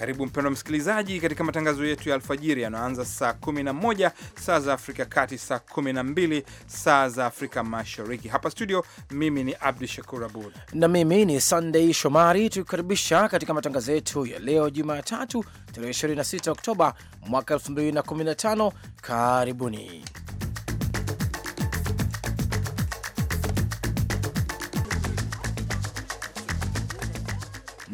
Karibu mpendwa msikilizaji, katika matangazo yetu ya alfajiri yanaanza saa 11 saa za Afrika Kati, saa 12 saa za Afrika Mashariki. Hapa studio, mimi ni Abdu Shakur Abud na mimi ni Sandei Shomari, tukikaribisha katika matangazo yetu ya leo Jumatatu tarehe 26 Oktoba mwaka 2015. Karibuni.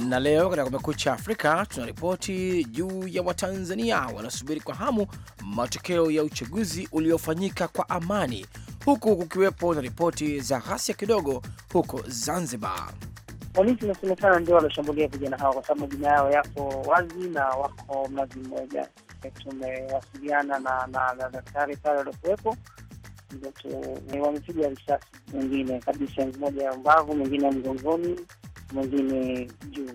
Na leo katika Kumekucha Afrika tunaripoti juu ya Watanzania wanasubiri kwa hamu matokeo ya uchaguzi uliofanyika kwa amani, huku kukiwepo na ripoti za ghasia kidogo huko Zanzibar. Polisi inasemekana ndio walioshambulia vijana hao, kwa sababu majina yao yapo wazi na wako mnazi mmoja. E, tumewasiliana na na daktari pale waliokuwepo, wamepiga risasi, mwingine kabisa, mmoja ya mbavu, mwingine mgongoni mwingine juu.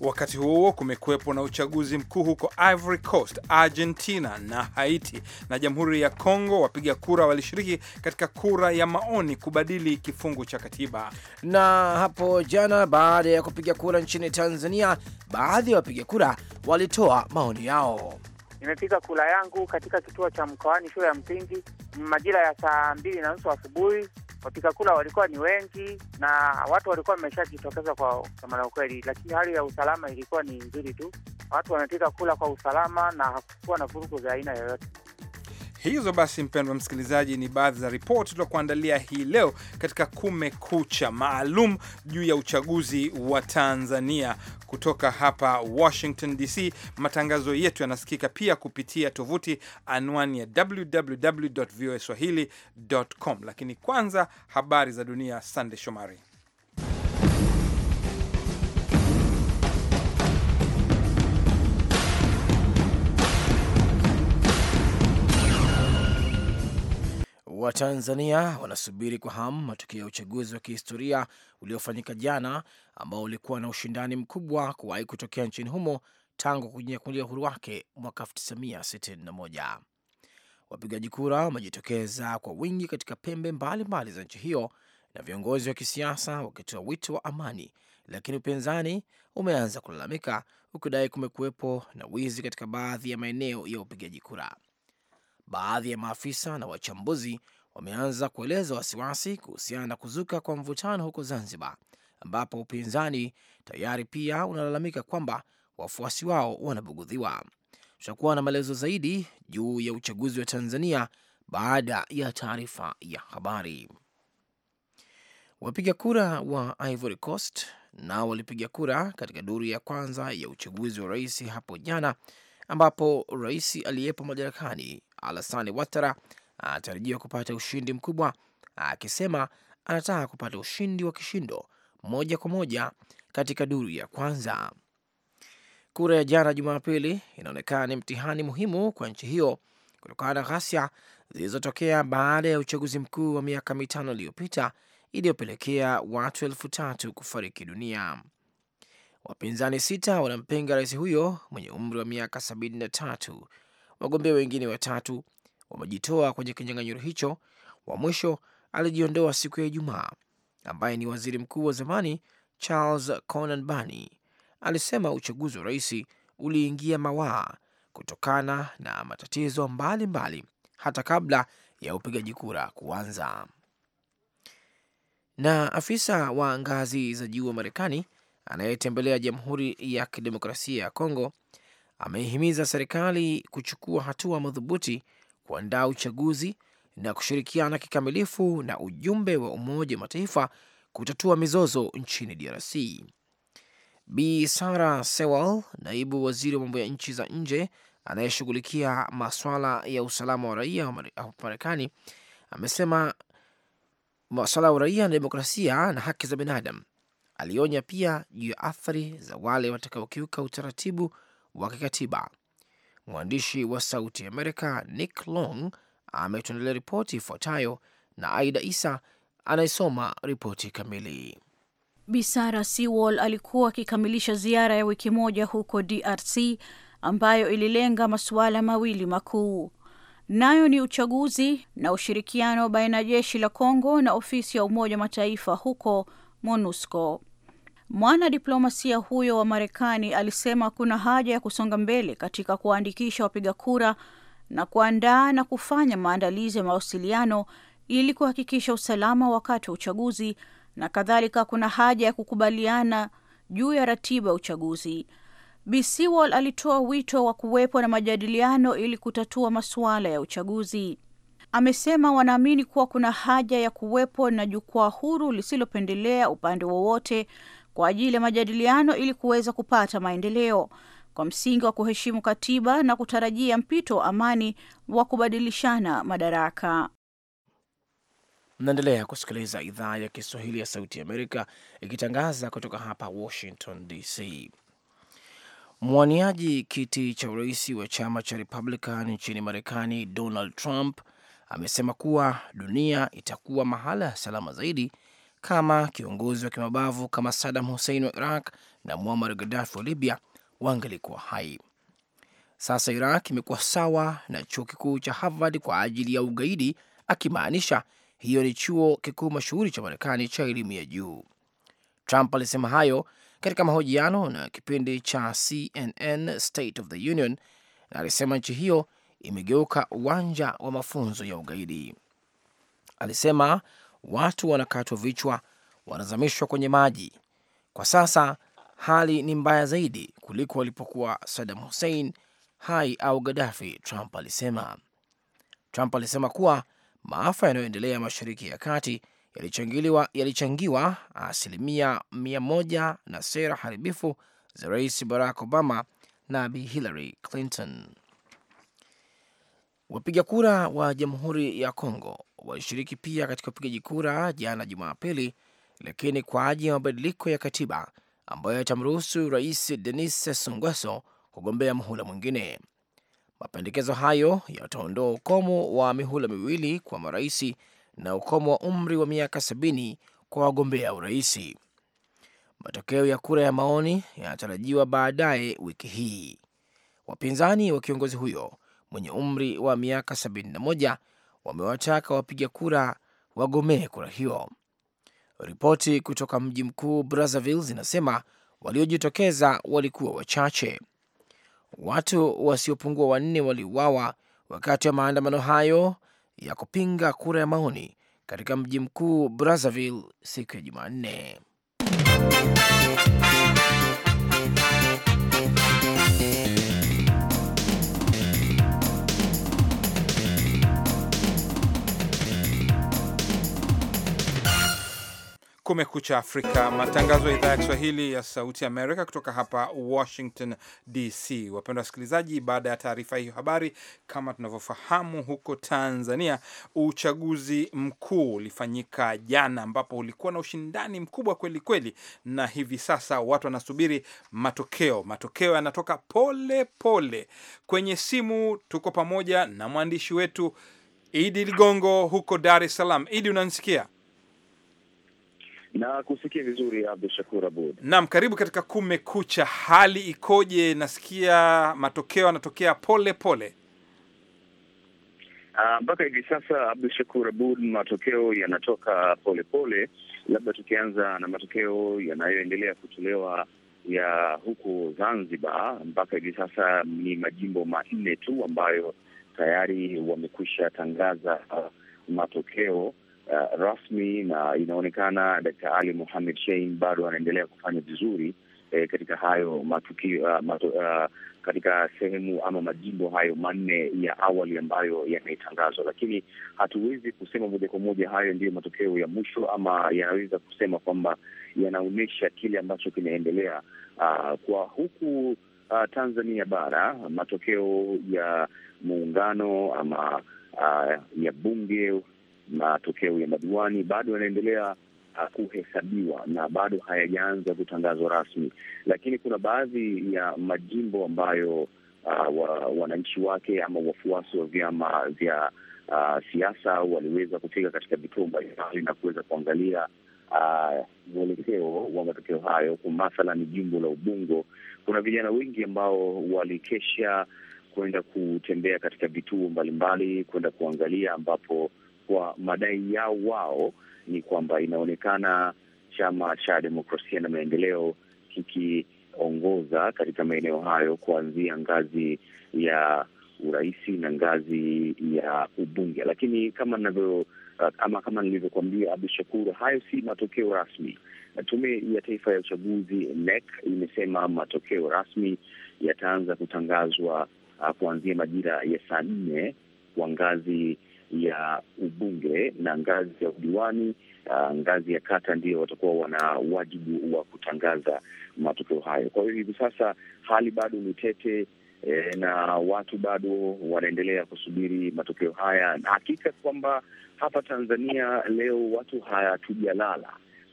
Wakati huo kumekuwepo na uchaguzi mkuu huko Ivory Coast, Argentina na Haiti. Na Jamhuri ya Kongo, wapiga kura walishiriki katika kura ya maoni kubadili kifungu cha katiba. Na hapo jana, baada ya kupiga kura nchini Tanzania, baadhi ya wapiga kura walitoa maoni yao. Nimepiga kula yangu katika kituo cha mkoani shule ya msingi majira ya saa mbili na nusu asubuhi. Wapiga kula walikuwa ni wengi na watu walikuwa wameshajitokeza kwa kusema ukweli, lakini hali ya usalama ilikuwa ni nzuri tu. Watu wamepiga kula kwa usalama na hakukuwa na vurugu za aina yoyote. Hizo basi, mpendwa msikilizaji, ni baadhi za ripoti tuliokuandalia hii leo katika Kumekucha maalum juu ya uchaguzi wa Tanzania kutoka hapa Washington DC. Matangazo yetu yanasikika pia kupitia tovuti anwani ya www voa swahili com, lakini kwanza habari za dunia. Sande Shomari. Watanzania wanasubiri kwa hamu matokeo ya uchaguzi wa kihistoria uliofanyika jana ambao ulikuwa na ushindani mkubwa kuwahi kutokea nchini humo tangu kujinyakulia uhuru wake mwaka 1961. Wapigaji kura wamejitokeza kwa wingi katika pembe mbalimbali mbali za nchi hiyo na viongozi wa kisiasa wakitoa wito wa amani, lakini upinzani umeanza kulalamika ukidai kumekuwepo na wizi katika baadhi ya maeneo ya upigaji kura. Baadhi ya maafisa na wachambuzi wameanza kueleza wasiwasi kuhusiana na kuzuka kwa mvutano huko Zanzibar, ambapo upinzani tayari pia unalalamika kwamba wafuasi wao wanabugudhiwa. Tutakuwa na maelezo zaidi juu ya uchaguzi wa Tanzania baada ya taarifa ya habari. Wapiga kura wa Ivory Coast nao walipiga kura katika duru ya kwanza ya uchaguzi wa rais hapo jana, ambapo rais aliyepo madarakani Alassane Ouattara anatarajiwa kupata ushindi mkubwa, akisema anataka kupata ushindi wa kishindo moja kwa moja katika duru ya kwanza. Kura ya jana Jumapili inaonekana ni mtihani muhimu kwa nchi hiyo kutokana na ghasia zilizotokea baada ya uchaguzi mkuu wa miaka mitano iliyopita iliyopelekea watu elfu tatu kufariki dunia. Wapinzani sita wanampinga rais huyo mwenye umri wa miaka sabini na tatu wagombea wengine watatu wamejitoa kwenye kinyang'anyiro hicho. Wa mwisho alijiondoa siku ya Ijumaa, ambaye ni waziri mkuu wa zamani Charles Conan Bani alisema uchaguzi wa rais uliingia mawaa kutokana na matatizo mbalimbali mbali, hata kabla ya upigaji kura kuanza. Na afisa wa ngazi za juu wa Marekani anayetembelea Jamhuri ya Kidemokrasia ya Kongo ameihimiza serikali kuchukua hatua madhubuti kuandaa uchaguzi na kushirikiana kikamilifu na ujumbe wa Umoja wa Mataifa kutatua mizozo nchini DRC. Bi Sara Sewal, naibu waziri wa mambo ya nchi za nje anayeshughulikia maswala ya usalama wa raia wa Marekani, amesema maswala ya uraia na demokrasia na haki za binadamu. Alionya pia juu ya athari za wale watakaokiuka utaratibu wa kikatiba. Mwandishi wa Sauti Amerika Nick Long ametuandalia ripoti ifuatayo, na Aida Isa anayesoma ripoti kamili. Bisara Sewall alikuwa akikamilisha ziara ya wiki moja huko DRC ambayo ililenga masuala mawili makuu, nayo ni uchaguzi na ushirikiano baina ya jeshi la congo na ofisi ya Umoja Mataifa huko MONUSCO. Mwanadiplomasia huyo wa Marekani alisema kuna haja ya kusonga mbele katika kuwaandikisha wapiga kura na kuandaa na kufanya maandalizi ya mawasiliano ili kuhakikisha usalama wakati wa uchaguzi na kadhalika. Kuna haja ya kukubaliana juu ya ratiba ya uchaguzi. Bi alitoa wito wa kuwepo na majadiliano ili kutatua masuala ya uchaguzi. Amesema wanaamini kuwa kuna haja ya kuwepo na jukwaa huru lisilopendelea upande wowote kwa ajili ya majadiliano ili kuweza kupata maendeleo kwa msingi wa kuheshimu katiba na kutarajia mpito wa amani wa kubadilishana madaraka. Mnaendelea kusikiliza idhaa ya Kiswahili ya Sauti Amerika ikitangaza kutoka hapa Washington DC. Mwaniaji kiti cha urais wa chama cha Republican nchini Marekani, Donald Trump amesema kuwa dunia itakuwa mahala salama zaidi kama kiongozi wa kimabavu kama Saddam Hussein wa Iraq na Muammar Gaddafi wa Libya wangelikuwa hai. Sasa Iraq imekuwa sawa na chuo kikuu cha Harvard kwa ajili ya ugaidi, akimaanisha hiyo ni chuo kikuu mashuhuri cha Marekani cha elimu ya juu. Trump alisema hayo katika mahojiano na kipindi cha CNN State of the Union, na alisema nchi hiyo imegeuka uwanja wa mafunzo ya ugaidi. Alisema watu wanakatwa vichwa, wanazamishwa kwenye maji. Kwa sasa hali ni mbaya zaidi kuliko walipokuwa Saddam Hussein hai au Gaddafi, Trump alisema. Trump alisema kuwa maafa yanayoendelea Mashariki ya Kati yalichangiwa, yalichangiwa asilimia mia moja na sera haribifu za Rais Barack Obama na Bi Hillary Clinton. Wapiga kura wa Jamhuri ya Kongo walishiriki pia katika upigaji kura jana Jumapili, lakini kwa ajili ya mabadiliko ya katiba ambayo yatamruhusu rais Denis Sassou Nguesso kugombea muhula mwingine. Mapendekezo hayo yataondoa ukomo wa mihula miwili kwa maraisi na ukomo wa umri wa miaka sabini kwa wagombea uraisi. Matokeo ya kura ya maoni yanatarajiwa baadaye wiki hii. Wapinzani wa kiongozi huyo mwenye umri wa miaka moja wamewataka wapiga kura wagomee kura hiyo. Ripoti kutoka mji mkuu Brazzaville zinasema waliojitokeza walikuwa wachache. Watu wasiopungua wanne waliuawa wakati wa maandamano hayo ya kupinga kura ya maoni katika mji mkuu Brazzaville siku ya Jumanne. Kumekucha Afrika, matangazo ya idhaa ya Kiswahili ya Sauti Amerika kutoka hapa Washington DC. Wapendwa wasikilizaji, baada ya taarifa hiyo habari, kama tunavyofahamu, huko Tanzania uchaguzi mkuu ulifanyika jana, ambapo ulikuwa na ushindani mkubwa kweli kweli, na hivi sasa watu wanasubiri matokeo. Matokeo yanatoka pole pole. Kwenye simu tuko pamoja na mwandishi wetu Idi Ligongo huko Dar es Salaam. Idi, unanisikia? na kusikia vizuri Abdu Shakur Abud. Naam, karibu katika Kumekucha. Hali ikoje? Nasikia matokeo yanatokea pole pole ah, mpaka hivi sasa Abdu Shakur Abud, matokeo yanatoka polepole. Labda tukianza na matokeo yanayoendelea kutolewa ya huko Zanzibar, mpaka hivi sasa ni majimbo manne tu ambayo tayari wamekwisha tangaza uh, matokeo uh, rasmi na inaonekana Dkt. Ali muhamed Shein bado anaendelea kufanya vizuri eh, katika hayo matukio uh, matu, uh, katika sehemu ama majimbo hayo manne ya awali ambayo yametangazwa, lakini hatuwezi kusema moja kwa moja hayo ndiyo matokeo ya mwisho, ama yanaweza kusema kwamba yanaonyesha kile ambacho kinaendelea uh, kwa huku uh, Tanzania bara, matokeo ya muungano ama uh, ya bunge matokeo ya madiwani bado yanaendelea uh, kuhesabiwa na bado hayajaanza kutangazwa rasmi, lakini kuna baadhi ya majimbo ambayo uh, wa, wananchi wake ama wafuasi wa vyama vya uh, siasa waliweza kufika katika vituo mbalimbali na kuweza kuangalia uh, mwelekeo wa matokeo hayo. Kwa mathalan, jimbo la Ubungo kuna vijana wengi ambao walikesha kwenda kutembea katika vituo mbalimbali kwenda kuangalia ambapo kwa madai yao wao ni kwamba inaonekana chama cha demokrasia na maendeleo kikiongoza katika maeneo hayo kuanzia ngazi ya urahisi na ngazi ya ubunge, lakini kama navyo ama kama nilivyokuambia Abdu Shakur, hayo si matokeo rasmi. Tume ya Taifa ya Uchaguzi nek imesema matokeo rasmi yataanza kutangazwa uh, kuanzia majira ya saa nne kwa ngazi ya ubunge na ngazi ya udiwani, uh, ngazi ya kata ndio watakuwa wana wajibu wa kutangaza matokeo hayo. Kwa hiyo hivi sasa hali bado ni tete eh, na watu bado wanaendelea kusubiri matokeo haya, na hakika kwamba hapa Tanzania leo watu hatujalala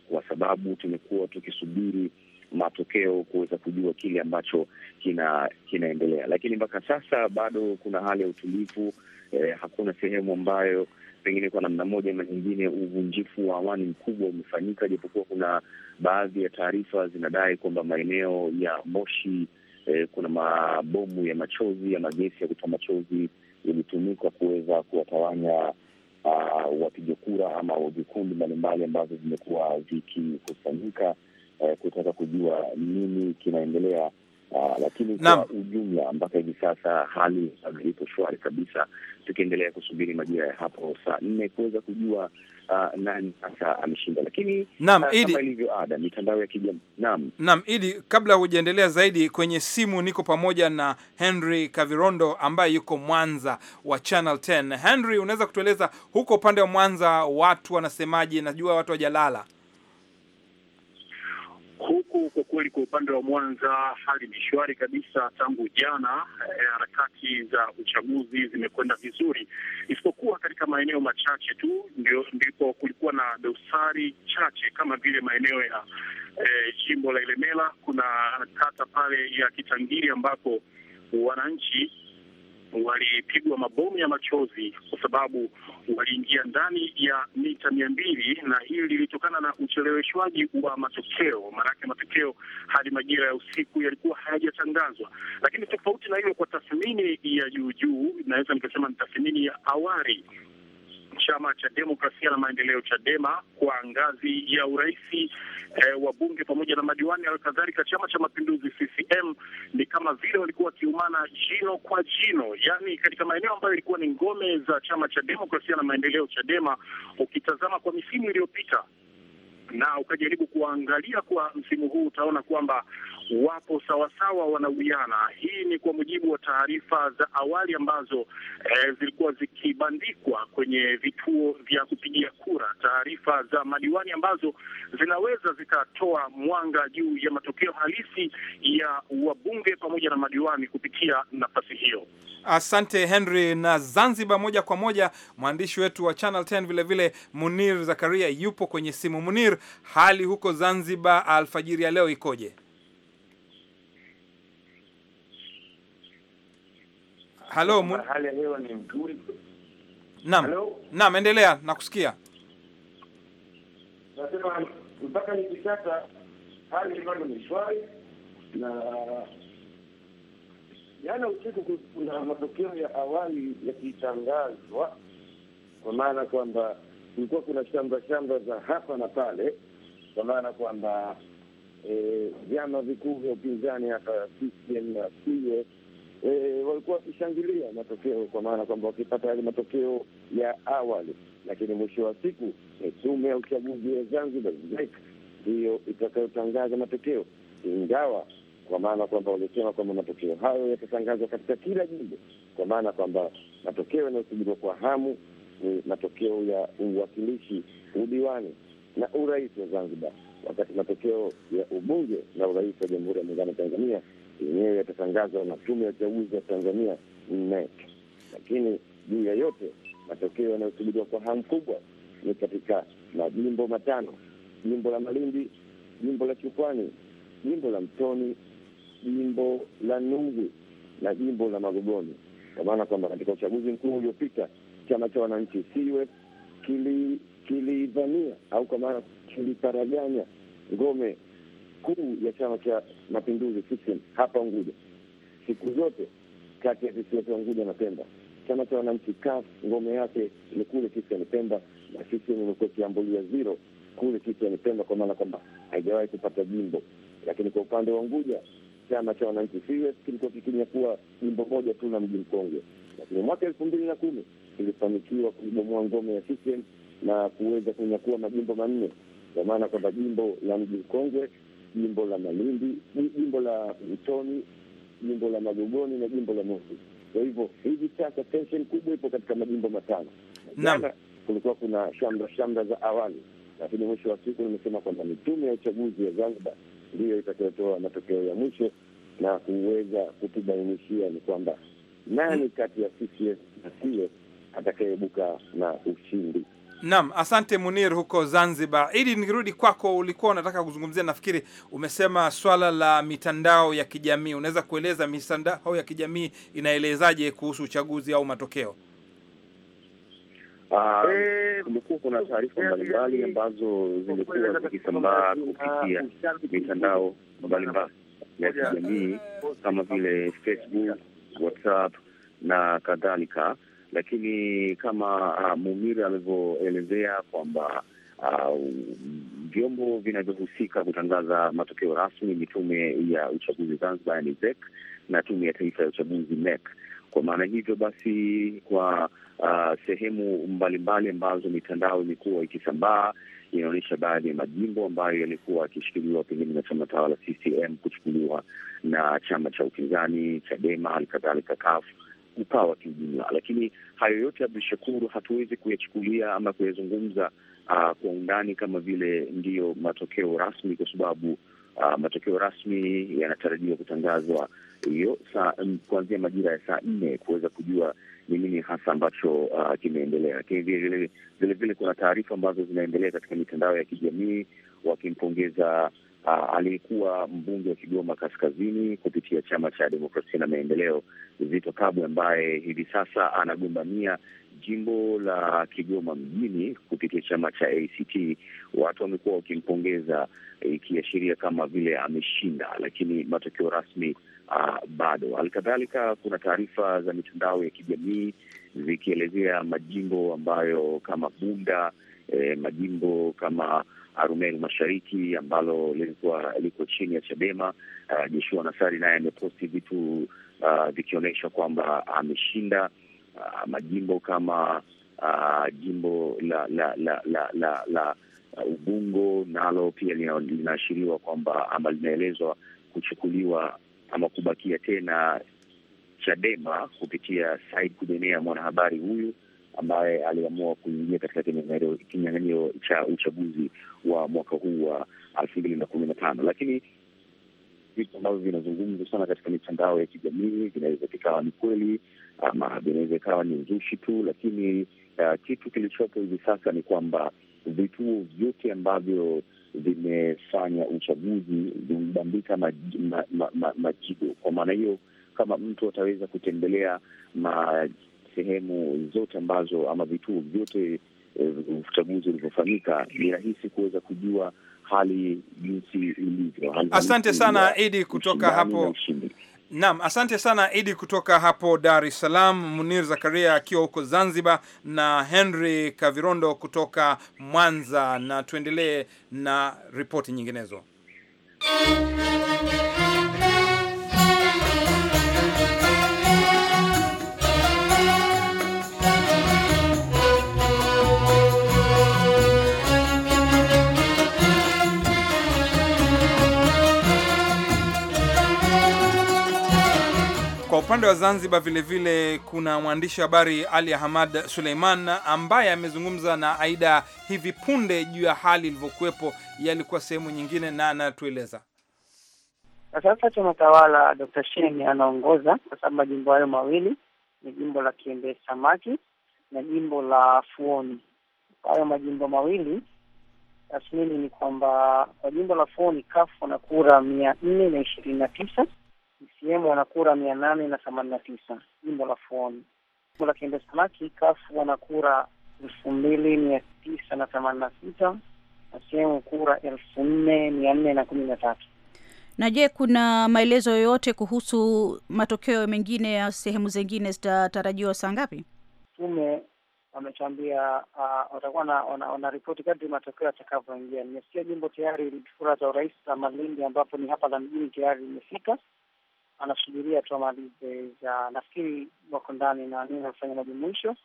kwa sababu tumekuwa tukisubiri matokeo kuweza kujua kile ambacho kina kinaendelea, lakini mpaka sasa bado kuna hali ya utulivu eh, hakuna sehemu ambayo pengine kwa namna moja ama nyingine uvunjifu wa amani mkubwa umefanyika, japokuwa kuna baadhi ya taarifa zinadai kwamba maeneo ya Moshi eh, kuna mabomu ya machozi ama gesi ya kutoa machozi ilitumika kuweza kuwatawanya uh, wapiga kura ama vikundi mbalimbali ambazo zimekuwa zikikusanyika eh, kutaka kujua nini kinaendelea. Uh, lakini kwa ujumla mpaka hivi sasa hali ipo shwari kabisa, tukiendelea kusubiri majira ya hapo saa nne kuweza kujua uh, nani sasa ameshinda. Lakini ah, kama ilivyo ada, mitandao ya kijamii naam, naam. Ili kabla hujaendelea zaidi, kwenye simu niko pamoja na Henry Kavirondo ambaye yuko Mwanza wa Channel 10. Henry, unaweza kutueleza huko upande wa Mwanza watu wanasemaje? Najua watu wajalala Huku kwa kweli, kwa upande wa Mwanza hali ni shwari kabisa. Tangu jana eh, harakati e, za uchaguzi zimekwenda vizuri, isipokuwa katika maeneo machache tu ndio ndipo kulikuwa na dosari chache, kama vile maeneo ya eh, jimbo la Ilemela. Kuna kata pale ya Kitangiri ambapo wananchi walipigwa mabomu ya machozi kwa sababu waliingia ndani ya mita mia mbili, na hili lilitokana na ucheleweshwaji wa matokeo. Maanake matokeo hadi majira ya usiku yalikuwa hayajatangazwa. Lakini tofauti na hiyo kwa tathmini ya juujuu inaweza naweza nikasema ni tathmini ya awali chama cha demokrasia na maendeleo Chadema kwa ngazi ya urais e, eh, wa bunge pamoja na madiwani. Halikadhalika chama cha mapinduzi CCM ni kama vile walikuwa wakiumana jino kwa jino, yaani katika maeneo ambayo ilikuwa ni ngome za chama cha demokrasia na maendeleo Chadema, ukitazama kwa misimu iliyopita na ukajaribu kuangalia kwa msimu huu utaona kwamba wapo sawasawa, wanawiana. Hii ni kwa mujibu wa taarifa za awali ambazo eh, zilikuwa zikibandikwa kwenye vituo vya kupigia kura, taarifa za madiwani ambazo zinaweza zikatoa mwanga juu ya matokeo halisi ya wabunge pamoja na madiwani kupitia nafasi hiyo. Asante Henry. Na Zanzibar, moja kwa moja mwandishi wetu wa Channel 10 vilevile Munir Zakaria yupo kwenye simu. Munir, hali huko Zanzibar alfajiri ya leo ikoje? Halo, hali ya leo ni mzuri. Naam, naam, endelea, nakusikia. Nasema mpaka hivi sasa hali bado ni shwari, na jana usiku kuna matokeo ya awali yakitangazwa, kwa maana kwamba kulikuwa kuna shamra shamra za hapa na pale, kwa maana kwamba e, vyama e, vikuu vya upinzani hapa CCM na e, walikuwa wakishangilia matokeo, kwa maana kwamba wakipata yale matokeo ya awali, lakini mwisho wa siku ni e, tume ya uchaguzi ya Zanzibar ZEC ndiyo itakayotangaza matokeo, ingawa kwa maana kwamba walisema kwamba matokeo hayo yatatangazwa katika kila jimbo, kwa maana kwamba matokeo yanayosubiriwa kwa hamu ni eh, matokeo ya uwakilishi, udiwani na urais wa Zanzibar, wakati matokeo ya ubunge na urais wa Jamhuri ya Muungano wa Tanzania yenyewe yatatangazwa na Tume ya Uchaguzi ya Tanzania NEC. Lakini juu ya yote, matokeo yanayosubiriwa kwa hamu kubwa ni katika majimbo matano: jimbo la Malindi, jimbo la Chukwani, jimbo la Mtoni, jimbo la Nungu na jimbo la Magogoni, kwa maana kwamba katika uchaguzi mkuu uliopita chama cha wananchi CUF kilivamia au kwa maana kiliparaganya ngome kuu ya chama cha mapinduzi CCM hapa Unguja. Siku zote kati ya visiwa vya Unguja na Pemba, chama cha wananchi CUF ngome yake ni kule kisiwani Pemba, na CCM imekuwa ikiambulia zero kule kisiwani Pemba, kwa maana kwamba haijawahi kupata jimbo. Lakini kwa upande wa Unguja, chama cha wananchi CUF kilikuwa kikinyakua jimbo moja tu na mji Mkongwe, lakini mwaka elfu mbili na kumi ilifanikiwa kuibomoa ngome ya CCM na kuweza kunyakua majimbo manne, kwa maana kwamba jimbo la Mji Mkongwe, jimbo la Malindi, jimbo la Mtoni, jimbo la Magogoni na jimbo la Moshi. Kwa hivyo hivi sasa tension kubwa ipo katika majimbo matano. Jana kulikuwa kuna shamra shamra za awali, lakini mwisho wa siku nimesema kwamba ni tume ya uchaguzi ya Zanzibar ndiyo itakayotoa matokeo ya mwisho na kuweza kutubainishia ni kwamba nani kati ya CCM na atakayeibuka na ushindi. Naam, asante Munir huko Zanzibar. Ili nikirudi kwako, ulikuwa unataka kuzungumzia, nafikiri umesema swala la mitandao ya kijamii. Unaweza kueleza mitandao ya kijamii inaelezaje kuhusu uchaguzi au matokeo? Ah, kumekuwa kuna taarifa mbalimbali ambazo zimekuwa zikisambaa kupitia mitandao mbalimbali ya kijamii kama vile Facebook, WhatsApp na kadhalika lakini kama uh, Mumiri alivyoelezea kwamba uh, vyombo uh, vinavyohusika kutangaza matokeo rasmi ni Tume ya Uchaguzi Zanzibar, yani ZEC, na Tume ya Taifa ya Uchaguzi, NEC. Kwa maana hivyo basi, kwa uh, sehemu mbalimbali ambazo mitandao imekuwa ikisambaa inaonyesha baadhi ya majimbo ambayo yalikuwa akishikiliwa pengine na chama tawala CCM kuchukuliwa na chama cha upinzani Chadema, halikadhalika kafu ukawa kiujumla. Lakini hayo yote Abdu Shakuru, hatuwezi kuyachukulia ama kuyazungumza uh, kwa undani kama vile ndiyo matokeo rasmi, kwa sababu uh, matokeo rasmi yanatarajiwa kutangazwa hiyo mm, kuanzia majira ya saa nne kuweza kujua ni nini hasa ambacho uh, ah, kimeendelea. Lakini vilevile kuna taarifa ambazo zinaendelea katika mitandao ya kijamii wakimpongeza uh, aliyekuwa mbunge wa Kigoma Kaskazini kupitia chama cha Demokrasia na Maendeleo, Zito Kabwe, ambaye hivi sasa anagombania jimbo la Kigoma mjini kupitia chama cha ACT. Watu wamekuwa wakimpongeza ikiashiria kama vile ameshinda, lakini matokeo rasmi uh, bado. Halikadhalika, kuna taarifa za mitandao ya kijamii zikielezea majimbo ambayo kama Bunda eh, majimbo kama Arumeru Mashariki ambalo lilikuwa liko chini ya Chadema. Uh, Joshua Nassari naye ameposti vitu uh, vikionyesha kwamba ameshinda uh, majimbo kama uh, jimbo la la la la, la, la uh, Ubungo nalo pia linaashiriwa kwamba ama linaelezwa kuchukuliwa ama kubakia tena Chadema kupitia Said Kubenea mwanahabari huyu ambaye aliamua kuingia katika kinyang'anyiro cha uchaguzi wa mwaka huu wa elfu mbili na kumi na tano lakini vitu ambavyo vinazungumzwa sana katika mitandao ya kijamii vinaweza vikawa ni kweli ama vinaweza ikawa ni uzushi tu, lakini uh, kitu kilichopo hivi sasa ni kwamba vituo vyote ambavyo vimefanya uchaguzi vimebambika majibu ma, ma, ma, ma. Kwa maana hiyo, kama mtu ataweza kutembelea ma, sehemu zote ambazo ama vituo vyote eh, uchaguzi ulivyofanyika, ni rahisi kuweza kujua hali jinsi ilivyo. Asante sana Idi kutoka hapo. Naam, asante sana Idi kutoka hapo Dar es Salaam, Munir Zakaria akiwa huko Zanzibar na Henry Kavirondo kutoka Mwanza, na tuendelee na ripoti nyinginezo. upande wa Zanzibar vile vile kuna mwandishi wa habari Ali Ahmad Suleiman ambaye amezungumza na Aida hivi punde juu ya hali ilivyokuwepo, yalikuwa sehemu nyingine, na anatueleza kwa sasa chama tawala Dr. Shein anaongoza kwa sababu majimbo hayo mawili ni jimbo la Kiembe Samaki na jimbo la Fuoni. Kwa hayo majimbo mawili tathmini ni kwamba kwa jimbo la Fuoni kafu na kura mia nne na ishirini na tisa CCM wana kura mia nane na themanini na tisa jimbo la Fuoni. Jimbo la Kiembe Samaki kafu wana kura elfu mbili mia tisa na themanini na sita na sehemu kura elfu nne mia nne na kumi na tatu. Na je, kuna maelezo yoyote kuhusu matokeo mengine ya sehemu zingine zitatarajiwa saa ngapi? Tume wametuambia uh, watakuwa na ripoti kadri matokeo yatakavyoingia. Nimesikia jimbo tayari kura za urais za Malindi ambapo ni hapa la mjini tayari limefika anasubiria tu amalize za, nafikiri wako ndani na nini wanafanya majumuisho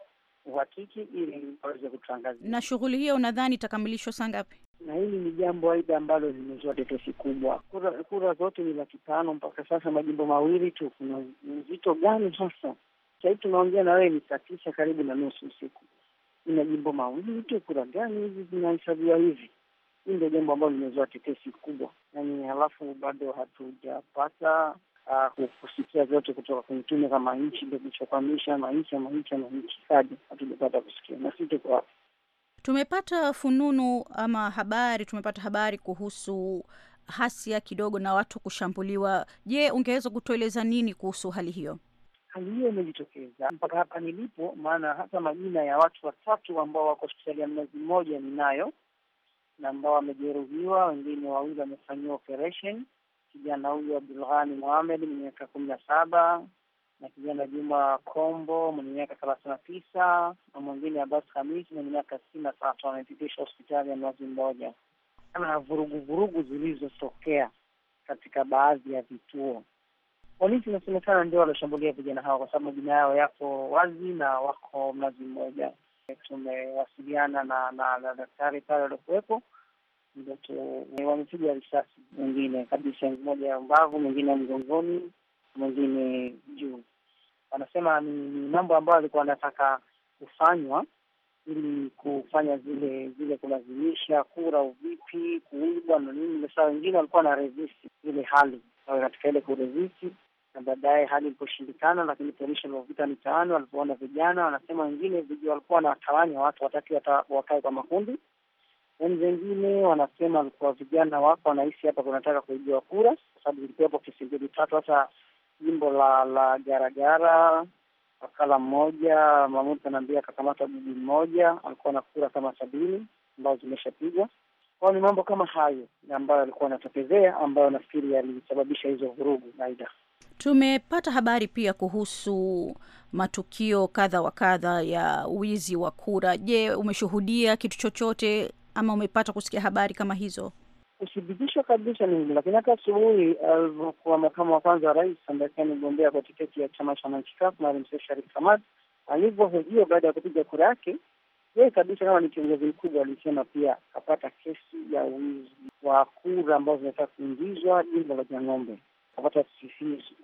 uhakiki ili waweze kutangazia. Na shughuli hiyo unadhani itakamilishwa saa ngapi? Na hili ni jambo aidha ambalo limezua tetesi kubwa. Kura, kura zote ni laki tano mpaka sasa, majimbo mawili tu. Kuna uzito gani sasa? Sahii tunaongea na wewe ni saa tisa karibu na nusu usiku, ina jimbo mawili tu. Kura gani hizi zinahesabiwa hivi? Hii ndio jambo ambalo limezua tetesi kubwa, yani, halafu bado hatujapata uh, kusikia vyote kutoka kwenye tume za manchi ndo kilichokwamisha manchi hichi manchi hichi ama hadi hatujapata kusikia, na sisi tuko hapa. Tumepata fununu ama habari, tumepata habari kuhusu hasia kidogo na watu kushambuliwa. Je, ungeweza kutueleza nini kuhusu hali hiyo? Hali hiyo imejitokeza mpaka hapa nilipo, maana hata majina ya watu watatu ambao wako hospitali ya Mnazi Mmoja ninayo na ambao wamejeruhiwa, wengine wawili wamefanyiwa operation kijana huyu Abdulghani Mohamed mwenye miaka kumi na saba na kijana Juma Kombo mwenye miaka thelathini na tisa na mwingine Abbas Hamisi mwenye miaka sitini na tatu wamefikishwa hospitali ya Mnazi Mmoja na vuruguvurugu zilizotokea katika baadhi ya vituo. Polisi inasemekana ndio walioshambulia vijana hao, kwa sababu majina yao yako wazi na wako Mnazi Mmoja. Tumewasiliana na daktari pale waliokuwepo wamepiga risasi mwingine kabisa, mmoja ya mbavu, mwingine mgongoni, mwingine juu. Wanasema ni mambo ambayo alikuwa anataka kufanywa ili kufanya zile zile kulazimisha kura uvipi kuibwa na nini. Saa wengine walikuwa na resist ile hali katika ile kurezisi, na baadaye hali iliposhindikana, lakini polisi waliopita mitaani walipoona vijana, wanasema wengine walikuwa wanawatawanya watu, wataki wakae kwa makundi Sehemu zingine wanasema kwa vijana wako wanaishi hapa, kunataka kuibiwa kura, kwa sababu zilikuwepo kesi mbili tatu, hata jimbo la la Garagara wakala mmoja Mahmud anaambia akakamata bibi mmoja alikuwa na kura kama sabini ambazo zimeshapigwa kwao. Ni mambo kama hayo ambayo alikuwa anatokezea, ambayo nafikiri yalisababisha hizo vurugu. Aidha, tumepata habari pia kuhusu matukio kadha wa kadha ya wizi wa kura. Je, umeshuhudia kitu chochote ama umepata kusikia habari kama hizo? Uthibitisho kabisa ni lakini, hata asubuhi eh, alivyokuwa makamu wa kwanza wa rais ambaye pia ni mgombea kwa tiketi ya chama cha wananchi CUF Maalim Seif Sharif Hamad alivyohojiwa baada ya kupiga kura yake, yeye kabisa kama ni kiongozi mkubwa alisema pia akapata kesi ya wizi wa kura ambazo zinataka kuingizwa jimbo la Jang'ombe, akapata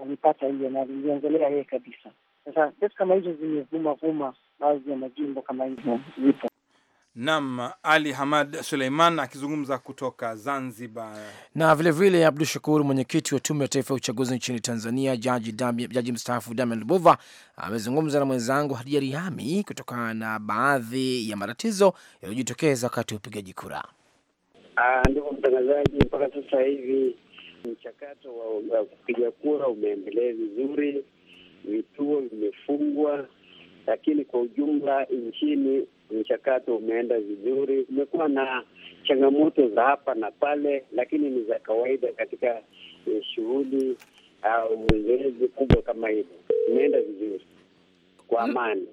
alipata hiyo na aliongelea yeye kabisa. Sasa kesi kama hizo zimevuma vuma baadhi ya majimbo kama hivyo zipo. Nam Ali Hamad Suleiman akizungumza kutoka Zanzibar. Na vilevile Abdu Shakur, mwenyekiti wa Tume ya Taifa ya Uchaguzi nchini Tanzania, jaji, jaji mstaafu Damian Lubuva amezungumza na mwenzangu Hadija Riami kutokana na baadhi ya matatizo yaliyojitokeza wakati wa upigaji kura. Ah, ndugu mtangazaji, mpaka sasa hivi mchakato wa kupiga kura umeendelea vizuri, vituo vimefungwa, lakini kwa ujumla nchini mchakato umeenda vizuri. Kumekuwa na changamoto za hapa na pale, lakini ni za kawaida katika eh, shughuli au uh, zoezi kubwa kama hilo. Imeenda vizuri kwa mm. amani.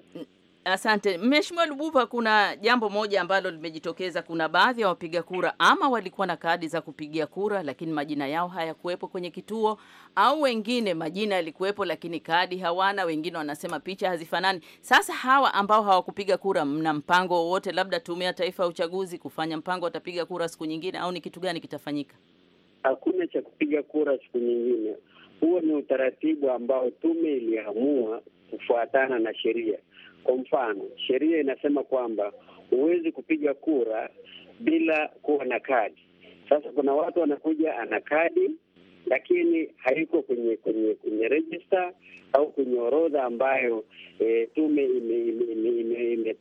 Asante Mheshimiwa Lubuva, kuna jambo moja ambalo limejitokeza. Kuna baadhi ya wapiga kura ama walikuwa na kadi za kupigia kura, lakini majina yao hayakuwepo kwenye kituo, au wengine majina yalikuwepo lakini kadi hawana. Wengine wanasema picha hazifanani. Sasa hawa ambao hawakupiga kura, mna mpango wowote, labda Tume ya Taifa ya Uchaguzi kufanya mpango, watapiga kura siku nyingine, au ni kitu gani kitafanyika? Hakuna cha kupiga kura siku nyingine. Huo ni utaratibu ambao tume iliamua kufuatana na sheria kwa mfano, sheria inasema kwamba huwezi kupiga kura bila kuwa na kadi. Sasa kuna watu wanakuja ana kadi lakini haiko kwenye kwenye kwenye rejista au kwenye orodha ambayo e, tume imetoa ime, ime, ime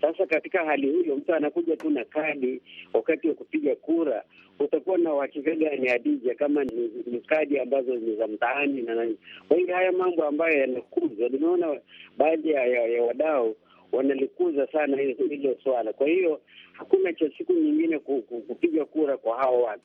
sasa katika hali hiyo, mtu anakuja tu na kadi wakati wa kupiga kura, utakuwa na uhakika gani Adija kama ni, ni kadi ambazo ni za mtaani na nani? Kwa hiyo haya mambo ambayo yanakuzwa, nimeona baadhi ya, ya, ya wadau wanalikuza sana hilo swala. Kwa hiyo hakuna cha siku nyingine kupiga kura kwa hao watu.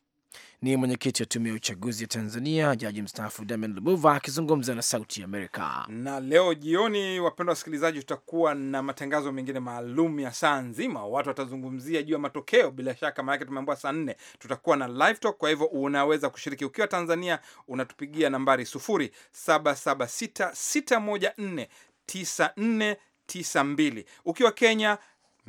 Ni mwenyekiti wa tume ya uchaguzi ya Tanzania, jaji mstaafu Damian Lubuva akizungumza na Sauti ya Amerika. Na leo jioni, wapendwa wasikilizaji, tutakuwa na matangazo mengine maalum ya saa nzima, watu watazungumzia juu ya matokeo bila shaka, maanake tumeambua saa nne tutakuwa na live talk. Kwa hivyo unaweza kushiriki ukiwa Tanzania, unatupigia nambari 0776614992 ukiwa Kenya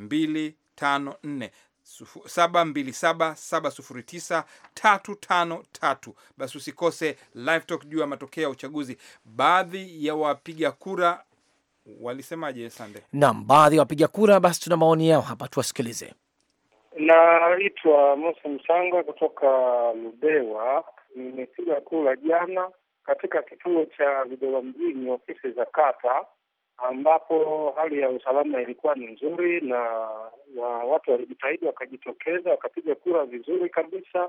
254 727709353. Basi usikose live talk juu ya matokeo ya uchaguzi. Baadhi ya wapiga kura walisemaje? Sande, naam, baadhi ya wapiga kura. Basi tuna maoni yao hapa, tuwasikilize. Naitwa Musa Msanga kutoka Ludewa. Nimepiga kura jana katika kituo cha Ludewa mjini, ofisi za kata ambapo hali ya usalama ilikuwa ni nzuri na wa watu walijitahidi wakajitokeza wakapiga kura vizuri kabisa,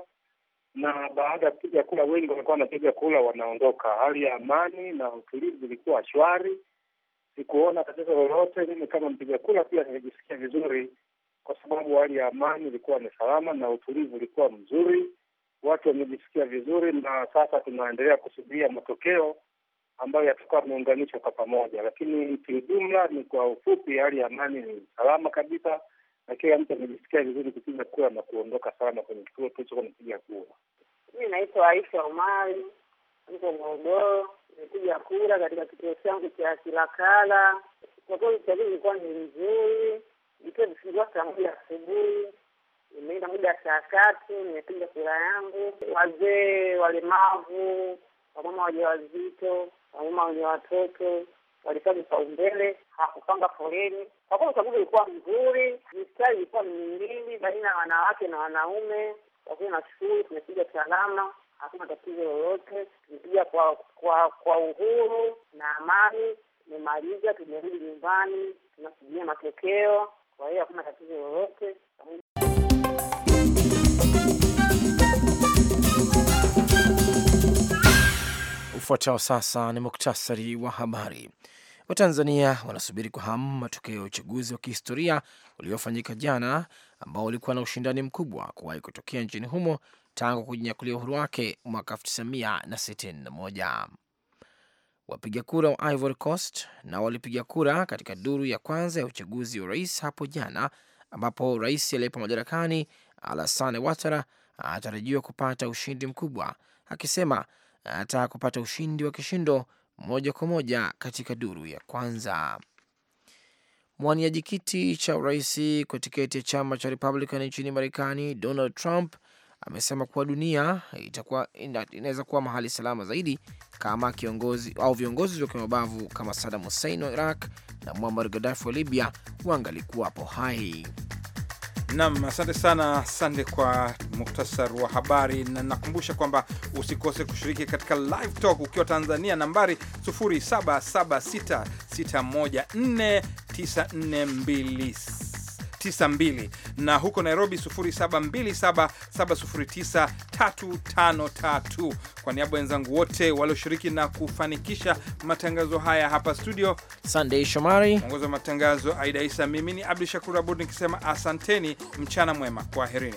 na baada ya kupiga kura wengi walikuwa wanapiga kura wanaondoka. Hali ya amani na utulivu ilikuwa shwari, sikuona tatizo lolote. Mimi kama mpiga kura pia nilijisikia vizuri, kwa sababu hali ya amani ilikuwa ni salama na utulivu ulikuwa mzuri, watu wamejisikia vizuri, na sasa tunaendelea kusubiria matokeo ambayo yatakuwa yameunganishwa kwa pamoja, lakini kiujumla ni kwa ufupi, hali ya amani ni salama kabisa na kila mtu amejisikia vizuri kupiga kura na kuondoka salama kwenye kituo tulichokuwa napiga kura. Mimi naitwa Aisha Omari, niko Morogoro. Nimepiga kura katika kituo changu cha Kilakala. Kwa kweli uchaguzi ulikuwa ni mzuri. ikiwa vifungua saa moja asubuhi, imeenda muda ya saa tatu, nimepiga kura yangu. Wazee, walemavu, wamama wajawazito wanyuma wenye watoto walitoa vipaumbele, hakupanga foleni. Kwa kuwa uchaguzi ulikuwa mzuri, mistari ilikuwa miwili baina ya wanawake na wanaume. Kwa kweli nashukuru, tumepiga salama, hakuna tatizo lolote, tumepiga kwa kwa kwa uhuru na amani. Tumemaliza, tumerudi nyumbani, tunasubiria matokeo. Kwa hiyo hakuna tatizo lolote. Ufuatao sasa ni muktasari wa habari. Watanzania wanasubiri kwa hamu matokeo ya uchaguzi wa kihistoria uliofanyika jana, ambao ulikuwa na ushindani mkubwa kuwahi kutokea nchini humo tangu kujinyakulia uhuru wake mwaka 1961. Wapiga kura wa Ivory Coast na walipiga kura katika duru ya kwanza ya uchaguzi wa rais hapo jana, ambapo rais aliyepo madarakani Alassane Ouattara anatarajiwa kupata ushindi mkubwa, akisema anataka kupata ushindi wa kishindo moja kwa moja katika duru ya kwanza. Mwaniaji kiti cha urais kwa tiketi ya chama cha Republican nchini Marekani, Donald Trump amesema kuwa dunia itakuwa inaweza kuwa mahali salama zaidi kama kiongozi au viongozi wa kimabavu kama Saddam Hussein wa Iraq na Muammar Gaddafi wa Libya wangalikuwapo hai. Nam, asante sana. Asante kwa muhtasar wa habari, na nakumbusha kwamba usikose kushiriki katika live talk ukiwa Tanzania, nambari 0776614942 92 na huko Nairobi 0727709353. Kwa niaba wenzangu wote walioshiriki na kufanikisha matangazo haya hapa studio, Sunday Shomari mwongozi wa matangazo, Aida Isa, mimi ni Abdu Shakur Abud nikisema asanteni, mchana mwema, kwaherini.